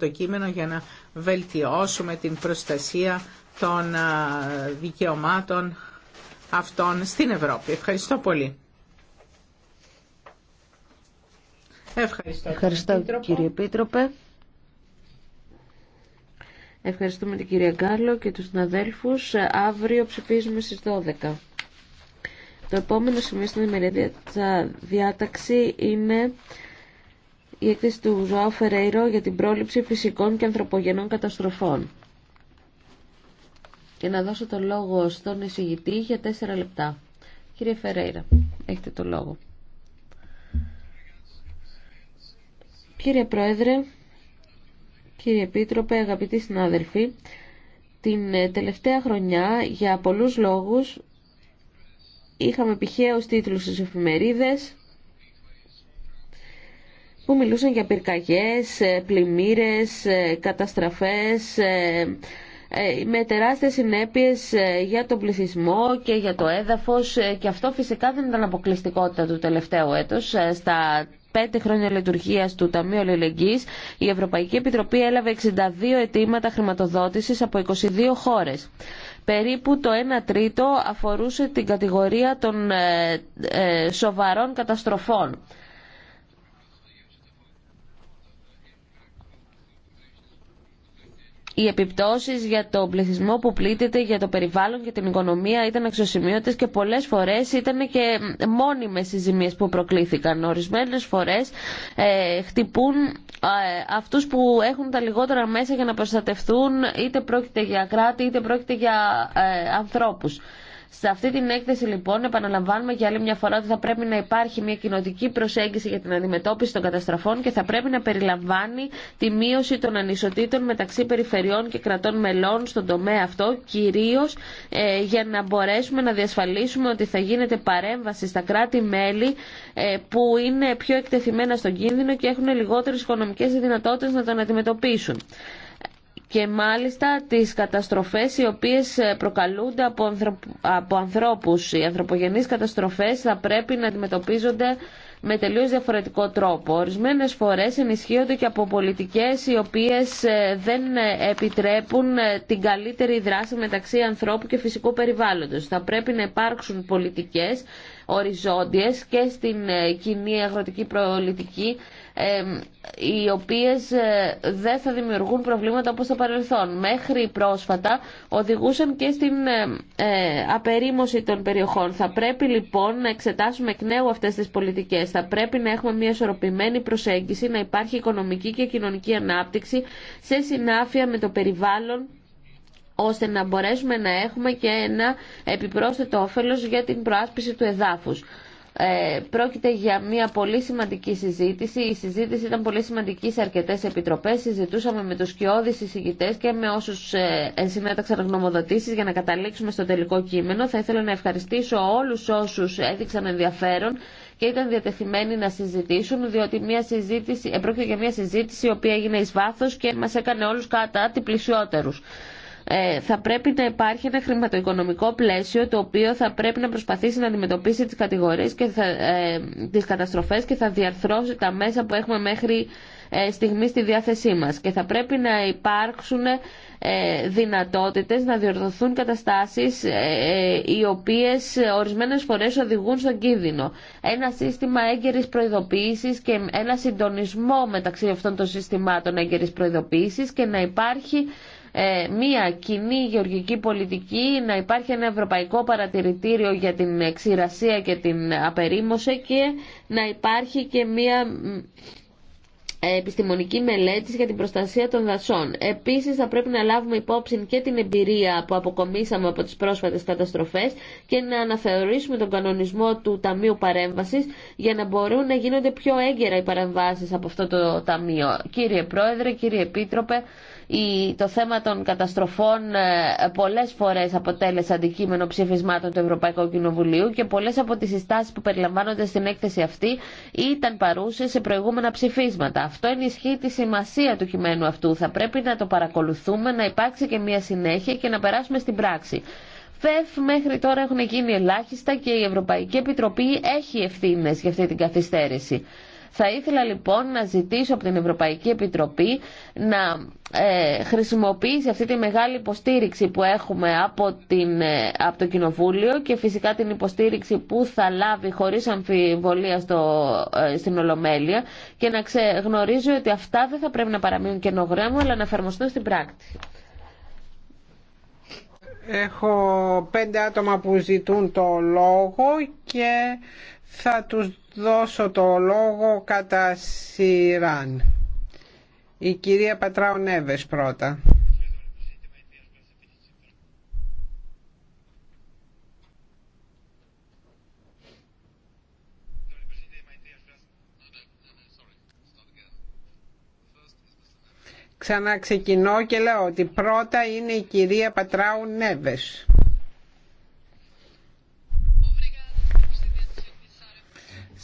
το κείμενο για να βελτιώσουμε την προστασία των δικαιωμάτων αυτών στην Ευρώπη. Ευχαριστώ πολύ. Ευχαριστώ, Ευχαριστώ κύριε, Επίτροπε. Ευχαριστούμε την κυρία Γκάλο και τους συναδέλφους. Αύριο ψηφίζουμε στις 12. Το επόμενο σημείο στην ημερίδια διάταξη είναι η έκθεση του Ζωάου Φερέιρο για την πρόληψη φυσικών και ανθρωπογενών καταστροφών. Και να δώσω το λόγο στον εισηγητή για τέσσερα λεπτά. Κύριε Φερέιρα, έχετε το λόγο. Κύριε Πρόεδρε, κύριε Επίτροπε, αγαπητοί συνάδελφοι, την τελευταία χρονιά για πολλούς λόγους είχαμε πηχαίους τίτλους στις εφημερίδες που μιλούσαν για πυρκαγιές, ε, πλημμύρες, ε, καταστραφές ε, με τεράστιες συνέπειες για τον πληθυσμό και για το έδαφος και αυτό φυσικά δεν ήταν αποκλειστικότητα του τελευταίου έτους. Στα πέντε χρόνια λειτουργία του Ταμείου Αλληλεγγύη, η Ευρωπαϊκή Επιτροπή έλαβε 62 αιτήματα χρηματοδότηση από 22 χώρε. Περίπου το 1 τρίτο αφορούσε την κατηγορία των σοβαρών καταστροφών. οι επιπτώσεις για τον πληθυσμό που πλήττεται, για το περιβάλλον και την οικονομία ήταν αξιοσημείωτε, και πολλές φορές ήταν και μόνιμες οι ζημίες που προκλήθηκαν. Ορισμένε φορές ε, χτυπούν ε, αυτούς που έχουν τα λιγότερα μέσα για να προστατευτούν είτε πρόκειται για κράτη είτε πρόκειται για ε, ανθρώπους. Σε αυτή την έκθεση λοιπόν επαναλαμβάνουμε για άλλη μια φορά ότι θα πρέπει να υπάρχει μια κοινοτική προσέγγιση για την αντιμετώπιση των καταστραφών και θα πρέπει να περιλαμβάνει τη μείωση των ανισοτήτων μεταξύ περιφερειών και κρατών μελών στον τομέα αυτό, κυρίως ε, για να μπορέσουμε να διασφαλίσουμε ότι θα γίνεται παρέμβαση στα κράτη-μέλη ε, που είναι πιο εκτεθειμένα στον κίνδυνο και έχουν λιγότερες οικονομικές δυνατότητες να τον αντιμετωπίσουν και μάλιστα τις καταστροφές οι οποίες ε, προκαλούνται από, ανθρώπου. ανθρώπους. Οι ανθρωπογενείς καταστροφές θα πρέπει να αντιμετωπίζονται με τελείως διαφορετικό τρόπο. Ορισμένες φορές ενισχύονται και από πολιτικές οι οποίες ε, δεν ε, επιτρέπουν την καλύτερη δράση μεταξύ ανθρώπου και φυσικού περιβάλλοντος. Θα πρέπει να υπάρξουν πολιτικές οριζόντιες και στην ε, κοινή αγροτική ε, οι οποίες ε, δεν θα δημιουργούν προβλήματα όπως το παρελθόν. Μέχρι πρόσφατα οδηγούσαν και στην ε, απερίμωση των περιοχών. Θα πρέπει λοιπόν να εξετάσουμε εκ νέου αυτές τις πολιτικές. Θα πρέπει να έχουμε μια ισορροπημένη προσέγγιση, να υπάρχει οικονομική και κοινωνική ανάπτυξη σε συνάφεια με το περιβάλλον ώστε να μπορέσουμε να έχουμε και ένα επιπρόσθετο όφελος για την προάσπιση του εδάφους. Ε, πρόκειται για μια πολύ σημαντική συζήτηση. Η συζήτηση ήταν πολύ σημαντική σε αρκετέ επιτροπέ. Συζητούσαμε με του σκιώδει συζητητέ και με όσου ε, συνέταξαν γνωμοδοτήσει για να καταλήξουμε στο τελικό κείμενο. Θα ήθελα να ευχαριστήσω όλου όσου έδειξαν ενδιαφέρον και ήταν διατεθειμένοι να συζητήσουν, διότι μια συζήτηση, ε, πρόκειται για μια συζήτηση η οποία έγινε ει και μα έκανε όλου κατά τη πλησιότερου. Ε, θα πρέπει να υπάρχει ένα χρηματοοικονομικό πλαίσιο το οποίο θα πρέπει να προσπαθήσει να αντιμετωπίσει τις κατηγορίες και θα, ε, τις καταστροφές και θα διαρθρώσει τα μέσα που έχουμε μέχρι ε, στιγμή στη διάθεσή μας και θα πρέπει να υπάρξουν δυνατότητες να διορθωθούν καταστάσεις οι οποίες ορισμένες φορές οδηγούν στον κίνδυνο. Ένα σύστημα έγκαιρης προειδοποίησης και ένα συντονισμό μεταξύ αυτών των συστημάτων έγκαιρης προειδοποίησης και να υπάρχει ε, μία κοινή γεωργική πολιτική, να υπάρχει ένα ευρωπαϊκό παρατηρητήριο για την ξηρασία και την απερίμωση και να υπάρχει και μία ε, επιστημονική μελέτη για την προστασία των δασών. Επίση, θα πρέπει να λάβουμε υπόψη και την εμπειρία που αποκομίσαμε από τι πρόσφατε καταστροφέ και να αναθεωρήσουμε τον κανονισμό του Ταμείου Παρέμβαση για να μπορούν να γίνονται πιο έγκαιρα οι παρεμβάσει από αυτό το Ταμείο. Κύριε Πρόεδρε, κύριε Επίτροπε, το θέμα των καταστροφών ε, πολλές φορές αποτέλεσε αντικείμενο ψηφισμάτων του Ευρωπαϊκού Κοινοβουλίου και πολλές από τις συστάσεις που περιλαμβάνονται στην έκθεση αυτή ήταν παρούσες σε προηγούμενα ψηφίσματα. Αυτό ενισχύει τη σημασία του κειμένου αυτού. Θα πρέπει να το παρακολουθούμε, να υπάρξει και μια συνέχεια και να περάσουμε στην πράξη. ΦΕΦ μέχρι τώρα έχουν γίνει ελάχιστα και η Ευρωπαϊκή Επιτροπή έχει ευθύνε για αυτή την καθυστέρηση. Θα ήθελα λοιπόν να ζητήσω από την Ευρωπαϊκή Επιτροπή να ε, χρησιμοποιήσει αυτή τη μεγάλη υποστήριξη που έχουμε από, την, ε, από το Κοινοβούλιο και φυσικά την υποστήριξη που θα λάβει χωρίς αμφιβολία στο, ε, στην Ολομέλεια και να γνωρίζει ότι αυτά δεν θα πρέπει να παραμείνουν καινογράμμα αλλά να εφαρμοστούν στην πράξη. Έχω πέντε άτομα που ζητούν το λόγο και θα τους δώσω το λόγο κατά σειράν. Η κυρία Πατράου Νέβες πρώτα. Ξαναξεκινώ και λέω ότι πρώτα είναι η κυρία Πατράου Νέβες.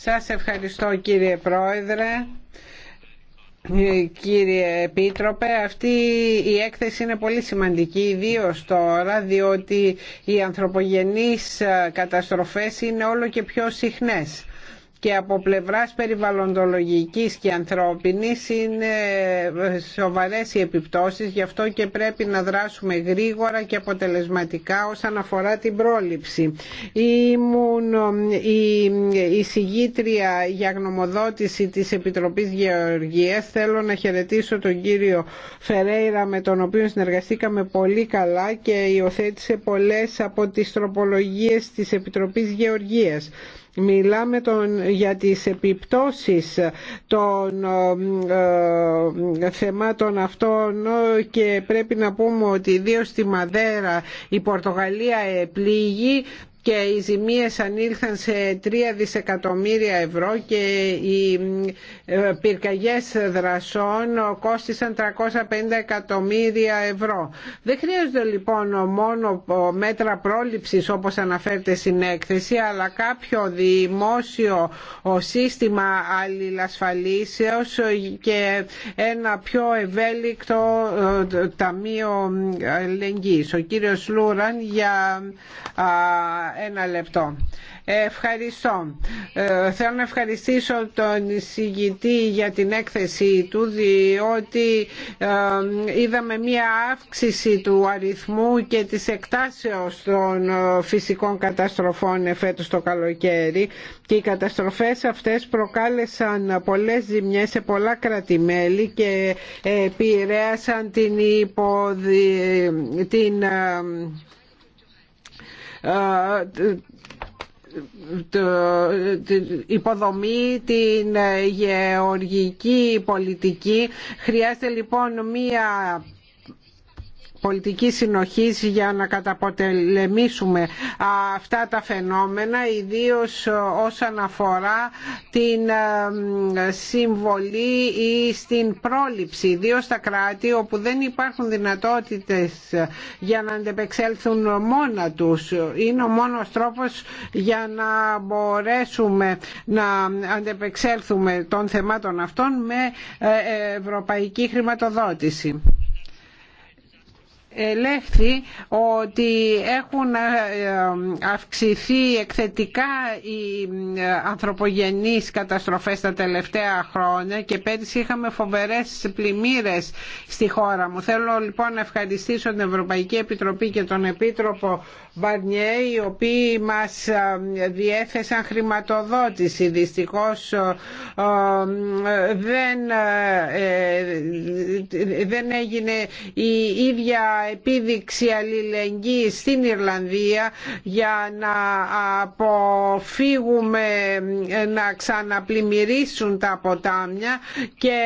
Σας ευχαριστώ κύριε Πρόεδρε. Ε, κύριε Επίτροπε, αυτή η έκθεση είναι πολύ σημαντική, ιδίω τώρα, διότι οι ανθρωπογενείς ε, καταστροφές είναι όλο και πιο συχνές και από πλευράς περιβαλλοντολογικής και ανθρώπινης είναι σοβαρές οι επιπτώσεις γι' αυτό και πρέπει να δράσουμε γρήγορα και αποτελεσματικά όσον αφορά την πρόληψη. Ήμουν η συγγήτρια για γνωμοδότηση της Επιτροπής Γεωργίας. Θέλω να χαιρετήσω τον κύριο Φερέιρα με τον οποίο συνεργαστήκαμε πολύ καλά και υιοθέτησε πολλές από τις τροπολογίες της Επιτροπής Γεωργίας. Μιλάμε τον, για τις επιπτώσεις των ε, ε, θεμάτων αυτών και πρέπει να πούμε ότι ιδίω στη Μαδέρα η Πορτογαλία επλήγει και οι ζημίες ανήλθαν σε 3 δισεκατομμύρια ευρώ και οι ε, πυρκαγιές δρασών κόστισαν 350 εκατομμύρια ευρώ. Δεν χρειάζονται λοιπόν μόνο μέτρα πρόληψης όπως αναφέρεται στην έκθεση αλλά κάποιο δημόσιο σύστημα αλληλασφαλίσεως και ένα πιο ευέλικτο ε, ταμείο ε, ελεγγύης. Ο κύριος Λούραν για ένα λεπτό. Ευχαριστώ. Ε, θέλω να ευχαριστήσω τον συγητή για την έκθεση του διότι ε, είδαμε μία αύξηση του αριθμού και της εκτάσεως των ε, φυσικών καταστροφών εφέτος το καλοκαίρι και οι καταστροφές αυτές προκάλεσαν πολλές ζημιές σε πολλά κρατημέλη και επηρέασαν την υποδη... την την υποδομή, την γεωργική πολιτική. Χρειάζεται λοιπόν μία πολιτική συνοχής για να καταποτελεμήσουμε αυτά τα φαινόμενα ιδίως όσον αφορά την ε, συμβολή ή στην πρόληψη ιδίως στα κράτη όπου δεν υπάρχουν δυνατότητες για να αντεπεξέλθουν μόνα τους είναι ο μόνος τρόπος για να μπορέσουμε να αντεπεξέλθουμε των θεμάτων αυτών με ε, ε, ευρωπαϊκή χρηματοδότηση ελέγχθη ότι έχουν ε, ε, αυξηθεί εκθετικά οι ε, ανθρωπογενείς καταστροφές τα τελευταία χρόνια και πέρυσι είχαμε φοβερές πλημμύρες στη χώρα μου. Θέλω λοιπόν να ευχαριστήσω την Ευρωπαϊκή Επιτροπή και τον Επίτροπο Μπαρνιέ οι οποίοι μας διέθεσαν χρηματοδότηση. Δυστυχώς δεν, δεν έγινε η ίδια επίδειξη αλληλεγγύης στην Ιρλανδία για να αποφύγουμε να ξαναπλημμυρίσουν τα ποτάμια και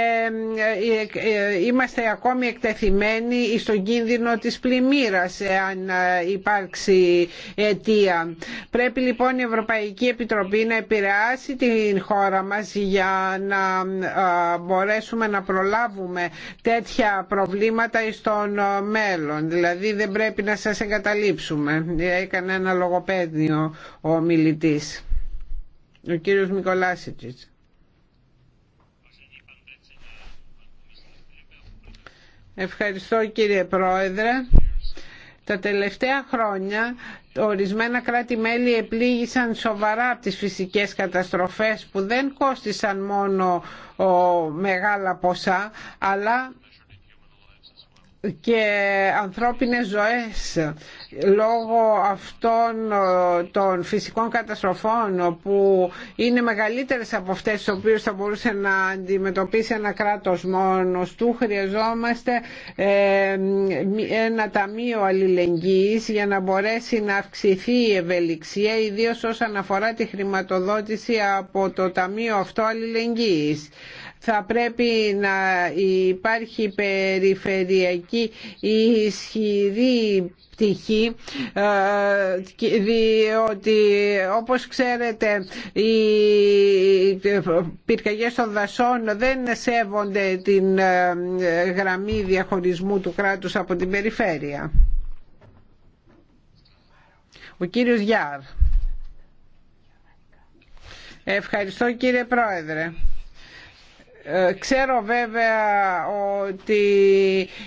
ε, ε, είμαστε ακόμη εκτεθειμένοι στον κίνδυνο της πλημμύρας αν ε, υπάρξει αιτία. Πρέπει λοιπόν η Ευρωπαϊκή Επιτροπή να επηρεάσει την χώρα μας για να μπορέσουμε να προλάβουμε τέτοια προβλήματα στον μέλλον Δηλαδή δεν πρέπει να σας εγκαταλείψουμε. Έκανε ένα λογοπαίδιο ο μιλητής. Ο κύριος Μικολάσιτζης. Ευχαριστώ κύριε Πρόεδρε. Τα τελευταία χρόνια ορισμένα κράτη-μέλη επλήγησαν σοβαρά από τις φυσικές καταστροφές που δεν κόστησαν μόνο μεγάλα ποσά αλλά και ανθρώπινες ζωές λόγω αυτών ε, των φυσικών καταστροφών που είναι μεγαλύτερες από αυτές τις οποίες θα μπορούσε να αντιμετωπίσει ένα κράτος μόνος του χρειαζόμαστε ε, ένα ταμείο αλληλεγγύης για να μπορέσει να αυξηθεί η ευελιξία ιδίως όσον αφορά τη χρηματοδότηση από το ταμείο αυτό αλληλεγγύης θα πρέπει να υπάρχει περιφερειακή ισχυρή πτυχή ε, διότι όπως ξέρετε οι πυρκαγιές των δασών δεν σέβονται την ε, γραμμή διαχωρισμού του κράτους από την περιφέρεια. Ο κύριος Γιάρ. Ευχαριστώ κύριε Πρόεδρε. Ε, ξέρω βέβαια ότι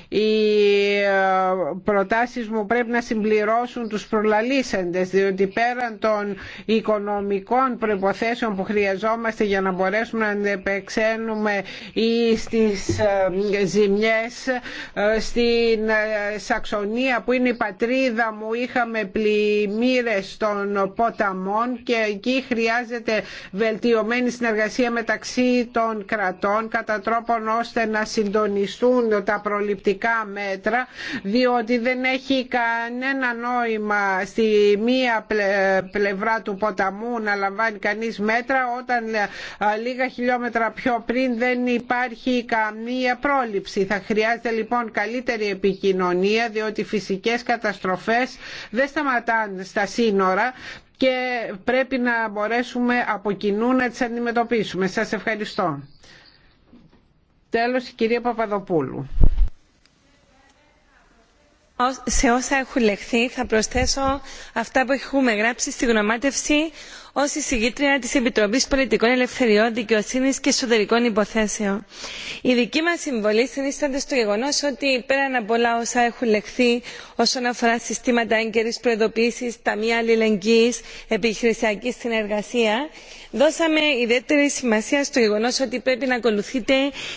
οι ε, προτάσεις μου πρέπει να συμπληρώσουν τους προλαλήσαντες διότι πέραν των οικονομικών προϋποθέσεων που χρειαζόμαστε για να μπορέσουμε να επεξένουμε ή στις ε, ζημιές στην Σαξονία που είναι η πατρίδα μου είχαμε πλημμύρες των ποταμών και εκεί χρειάζεται βελτιωμένη συνεργασία μεταξύ των κρατών κατά τρόπον ώστε να συντονιστούν τα προληπτικά μέτρα διότι δεν έχει κανένα νόημα στη μία πλευρά του ποταμού να λαμβάνει κανείς μέτρα όταν ε, λίγα χιλιόμετρα πιο πριν δεν υπάρχει καμία πρόληψη. Θα χρειάζεται λοιπόν καλύτερη επικοινωνία διότι φυσικές καταστροφές δεν σταματάνε στα σύνορα και πρέπει να μπορέσουμε από κοινού να τις αντιμετωπίσουμε. Σας ευχαριστώ. Τέλος, κυρία Παπαδοπούλου. Σε όσα έχουν λεχθεί θα προσθέσω αυτά που έχουμε γράψει στη γνωμάτευση ω εισηγήτρια τη επιτροπή πολιτικών ελευθεριών δικαιοσύνη και εσωτερικών υποθέσεων. η δική μα συμβολή συνίσταται στο γεγονό ότι πέραν από όλα όσα έχουν λεχθεί όσον αφορά συστήματα έγκαιρη προειδοποίηση ταμεία αλληλεγγύη επιχειρησιακή συνεργασία δώσαμε ιδιαίτερη σημασία στο γεγονό ότι πρέπει να ακολουθείται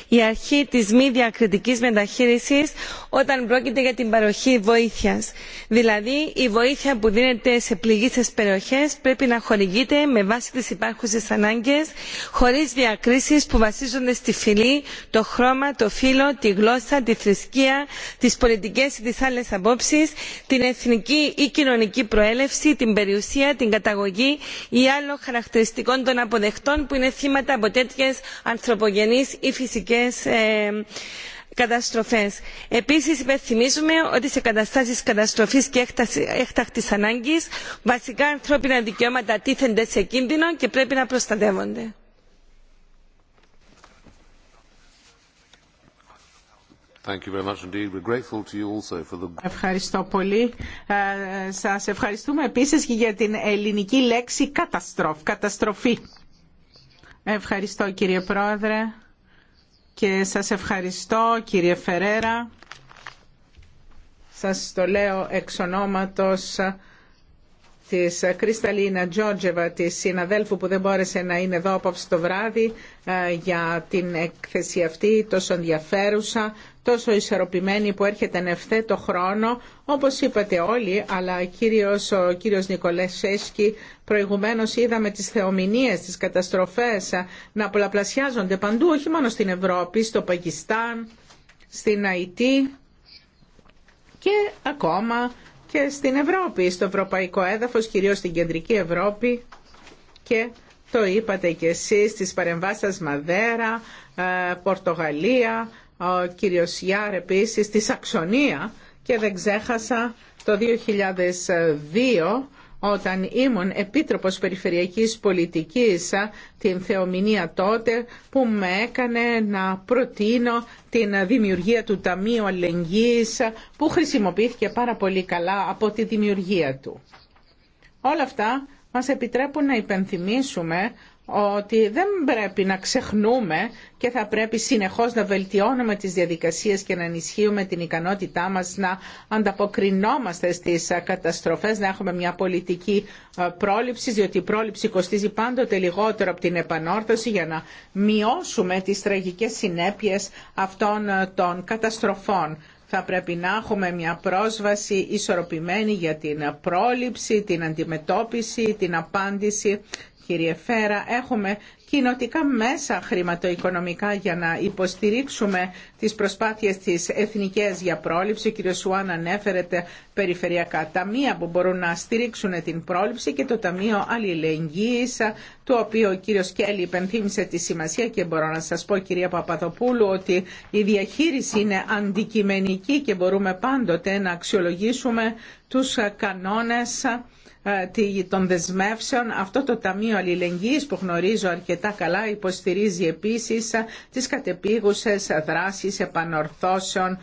η αρχή τη μη διακριτική μεταχείριση όταν πρόκειται για την παροχή βοήθεια. δηλαδή η βοήθεια που δίνεται σε πληγεί περιοχέ πρέπει να χορηγείται με βάση τις υπάρχουσες ανάγκες χωρίς διακρίσεις που βασίζονται στη φυλή το χρώμα το φύλο τη γλώσσα τη θρησκεία τις πολιτικές ή τις άλλες απόψεις την εθνική ή κοινωνική προέλευση την περιουσία την καταγωγή ή άλλο χαρακτηριστικό των αποδεκτών που είναι θύματα από τέτοιες ανθρωπογενείς ή φυσικές ε, καταστροφέ. επίση υπενθυμίζουμε ότι σε καταστάσει καταστροφή και έκτακτη ανάγκη βασικά ανθρώπινα δικαιώματα τίθενται σε κίνδυνο και πρέπει να προστατεύονται. Ευχαριστώ πολύ. Ε, σας ευχαριστούμε επίσης και για την ελληνική λέξη καταστροφή. Ευχαριστώ κύριε Πρόεδρε και σας ευχαριστώ κύριε Φερέρα. Σας το λέω εξ ονόματος της Κρυσταλίνα Τζόρτζεβα, της συναδέλφου που δεν μπόρεσε να είναι εδώ απόψε το βράδυ ε, για την εκθεσία αυτή τόσο ενδιαφέρουσα τόσο ισορροπημένη που έρχεται εν το χρόνο, όπως είπατε όλοι, αλλά κυρίως ο κύριος Σέσκι προηγουμένως είδαμε τις θεομηνίες, τις καταστροφές να πολλαπλασιάζονται παντού, όχι μόνο στην Ευρώπη, στο Πακιστάν, στην Αϊτή και ακόμα και στην Ευρώπη, στο ευρωπαϊκό έδαφος, κυρίως στην κεντρική Ευρώπη και το είπατε και εσείς στις παρεμβάσεις Μαδέρα, ε, Πορτογαλία, ο κύριος Ιάρ επίσης στη Σαξονία και δεν ξέχασα το 2002 όταν ήμουν Επίτροπος Περιφερειακής Πολιτικής την Θεομηνία τότε που με έκανε να προτείνω την δημιουργία του Ταμείου Αλληλεγγύης που χρησιμοποιήθηκε πάρα πολύ καλά από τη δημιουργία του. Όλα αυτά μας επιτρέπουν να υπενθυμίσουμε ότι δεν πρέπει να ξεχνούμε και θα πρέπει συνεχώς να βελτιώνουμε τις διαδικασίες και να ενισχύουμε την ικανότητά μας να ανταποκρινόμαστε στις ε, καταστροφές, να έχουμε μια πολιτική ε, πρόληψη, διότι η πρόληψη κοστίζει πάντοτε λιγότερο από την επανόρθωση για να μειώσουμε τις τραγικές συνέπειες αυτών ε, των καταστροφών. Θα πρέπει να έχουμε μια πρόσβαση ισορροπημένη για την πρόληψη, την αντιμετώπιση, την απάντηση κύριε Φέρα, έχουμε κοινοτικά μέσα χρηματοοικονομικά για να υποστηρίξουμε τις προσπάθειες της εθνικές για πρόληψη. Ο κύριος Σουάν ανέφερε περιφερειακά ταμεία που μπορούν να στηρίξουν την πρόληψη και το Ταμείο Αλληλεγγύης, το οποίο ο κύριος Κέλλη υπενθύμησε τη σημασία και μπορώ να σας πω κυρία Παπαδοπούλου ότι η διαχείριση είναι αντικειμενική και μπορούμε πάντοτε να αξιολογήσουμε τους κανόνες ε, των δεσμεύσεων. Αυτό το Ταμείο αλληλεγγύης που γνωρίζω αρκετά καλά υποστηρίζει επίσης τις κατεπίγουσες δράσεις επανορθώσεων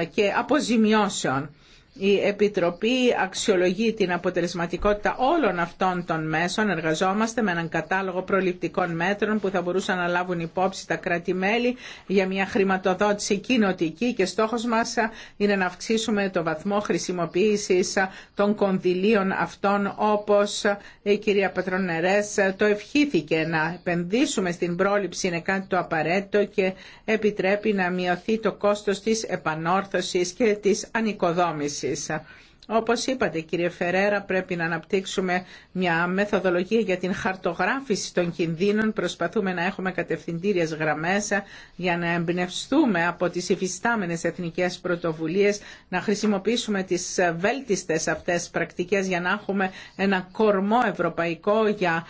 ε, και αποζημιώσεων η Επιτροπή αξιολογεί την αποτελεσματικότητα όλων αυτών των μέσων. Εργαζόμαστε με έναν κατάλογο προληπτικών μέτρων που θα μπορούσαν να λάβουν υπόψη τα κράτη-μέλη για μια χρηματοδότηση κοινοτική και στόχος μας είναι να αυξήσουμε το βαθμό χρησιμοποίησης των κονδυλίων αυτών όπως η κυρία Πατρονερές το ευχήθηκε να επενδύσουμε στην πρόληψη είναι κάτι το απαραίτητο και επιτρέπει να μειωθεί το κόστος της επανόρθωση και της ανοικοδόμησης είσαι. Όπως είπατε κύριε Φερέρα πρέπει να αναπτύξουμε μια μεθοδολογία για την χαρτογράφηση των κινδύνων. Προσπαθούμε να έχουμε κατευθυντήριες γραμμές για να εμπνευστούμε από τις υφιστάμενες εθνικές πρωτοβουλίες, να χρησιμοποιήσουμε τις βέλτιστες αυτές πρακτικές για να έχουμε ένα κορμό ευρωπαϊκό για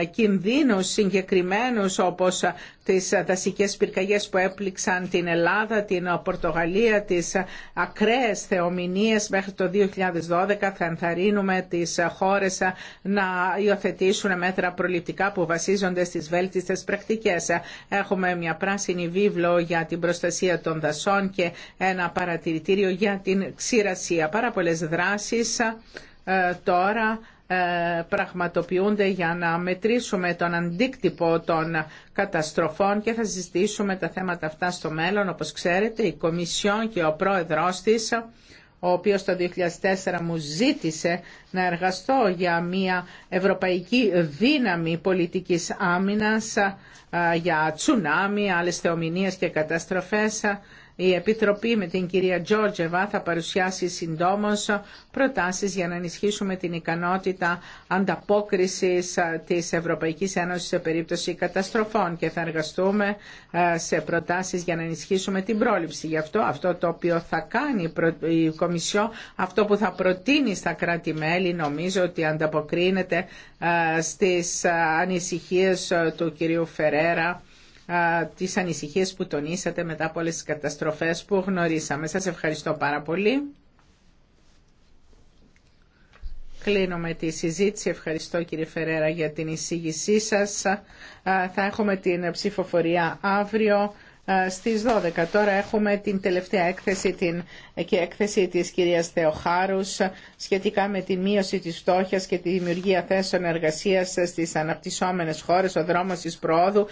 ε, κινδύνους συγκεκριμένους όπως τις δασικές πυρκαγιές που έπληξαν την Ελλάδα, την Πορτογαλία, τις ακραίες θεομηνίες μέχρι το 2000 2012 θα ενθαρρύνουμε τις χώρες να υιοθετήσουν μέτρα προληπτικά που βασίζονται στις βέλτιστες πρακτικές. Έχουμε μια πράσινη βίβλο για την προστασία των δασών και ένα παρατηρητήριο για την ξηρασία. Πάρα πολλές δράσεις ε, τώρα ε, πραγματοποιούνται για να μετρήσουμε τον αντίκτυπο των καταστροφών και θα συζητήσουμε τα θέματα αυτά στο μέλλον. Όπως ξέρετε, η Κομισιόν και ο πρόεδρός της ο οποίος το 2004 μου ζήτησε να εργαστώ για μια ευρωπαϊκή δύναμη πολιτικής άμυνας, για τσουνάμι, άλλες θεομηνίες και καταστροφές η Επιτροπή με την κυρία Τζόρτζεβα θα παρουσιάσει συντόμως προτάσεις για να ενισχύσουμε την ικανότητα ανταπόκρισης ε, της Ευρωπαϊκής Ένωσης σε περίπτωση καταστροφών και θα εργαστούμε ε, σε προτάσεις για να ενισχύσουμε την πρόληψη. Γι' αυτό αυτό το οποίο θα κάνει η Κομισιό, αυτό που θα προτείνει στα κράτη-μέλη νομίζω ότι ανταποκρίνεται ε, στις ανησυχίες του κυρίου Φερέρα τις ανησυχίες που τονίσατε μετά από όλες τις καταστροφές που γνωρίσαμε. Σας ευχαριστώ πάρα πολύ. με τη συζήτηση. Ευχαριστώ κύριε Φερέρα για την εισήγησή σας. Θα έχουμε την ψηφοφορία αύριο στις 12. Τώρα έχουμε την τελευταία έκθεση την, και έκθεση της κυρίας Θεοχάρους σχετικά με τη μείωση της φτώχειας και τη δημιουργία θέσεων εργασίας στις αναπτυσσόμενες χώρες, ο δρόμος της προόδου.